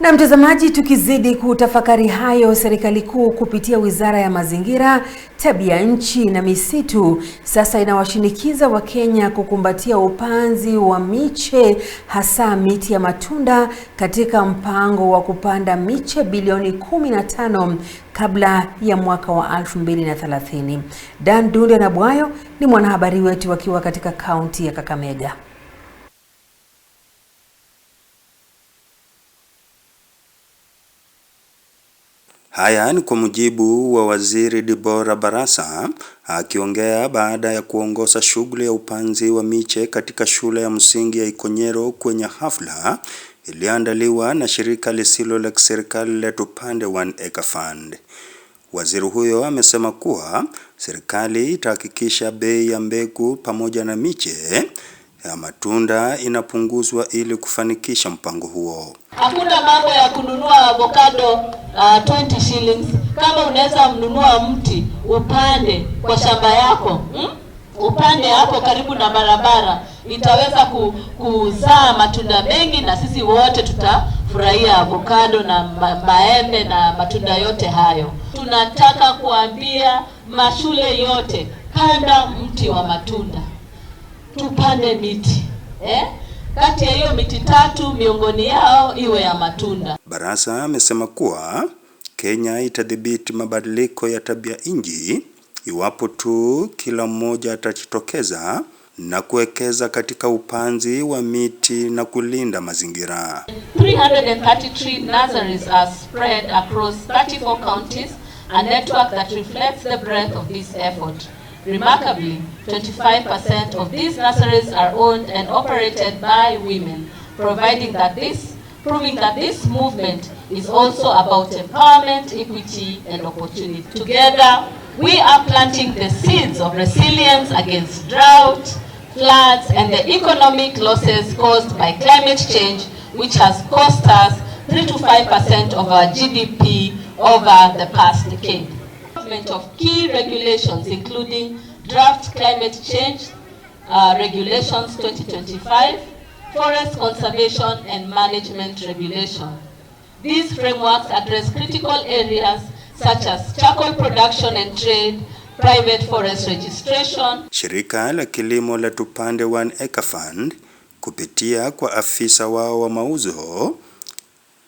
Na mtazamaji, tukizidi kutafakari hayo, serikali kuu kupitia wizara ya mazingira, tabia nchi na misitu sasa inawashinikiza Wakenya kukumbatia upanzi wa miche hasa miti ya matunda katika mpango wa kupanda miche bilioni 15 kabla ya mwaka wa 2030. Dan Dunde na Bwayo ni mwanahabari wetu akiwa katika kaunti ya Kakamega. Haya ni kwa mujibu wa Waziri Debora Barasa akiongea baada ya kuongoza shughuli ya upanzi wa miche katika shule ya msingi ya Ikonyero kwenye hafla iliyoandaliwa na shirika lisilo la kiserikali la Tupande One Acre Fund. Waziri huyo amesema kuwa serikali itahakikisha bei ya mbegu pamoja na miche ya matunda inapunguzwa ili kufanikisha mpango huo. Hakuna mambo ya kununua avocado uh, 20 shillings. Kama unaweza mnunua mti upande kwa shamba yako hmm? upande hapo karibu na barabara itaweza ku, kuzaa matunda mengi, na sisi wote tutafurahia avocado na maembe na matunda yote hayo. Tunataka kuambia mashule yote, panda mti wa matunda tupande miti eh? Kati ya hiyo miti tatu miongoni yao iwe ya matunda. Barasa amesema kuwa Kenya itadhibiti mabadiliko ya tabia nchi iwapo tu kila mmoja atajitokeza na kuwekeza katika upanzi wa miti na kulinda mazingira. 333 nurseries are spread across 34 counties, a network that reflects the breadth of this effort. Remarkably, 25% of these nurseries are owned and operated by women, providing that this, proving that this movement is also about empowerment, equity, and opportunity. Together, we are planting the seeds of resilience against drought, floods, and the economic losses caused by climate change, which has cost us 3 to 5% of our GDP over the past decade. development of key regulations including draft climate change uh, regulations 2025, forest conservation and management regulation. These frameworks address critical areas such as charcoal production and trade, private forest registration. Shirika la kilimo la Tupande One Acre Fund kupitia kwa afisa wao wa mauzo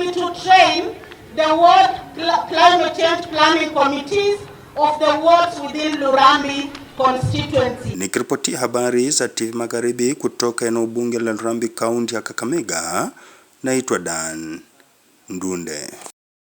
me to train the World Cl- climate change planning committees of the wards within Lurambi constituency. Nikiripotia habari za TV Magharibi kutoka eneo bunge la Lurambi kaunti ya Kakamega, naitwa Dan Ndunde.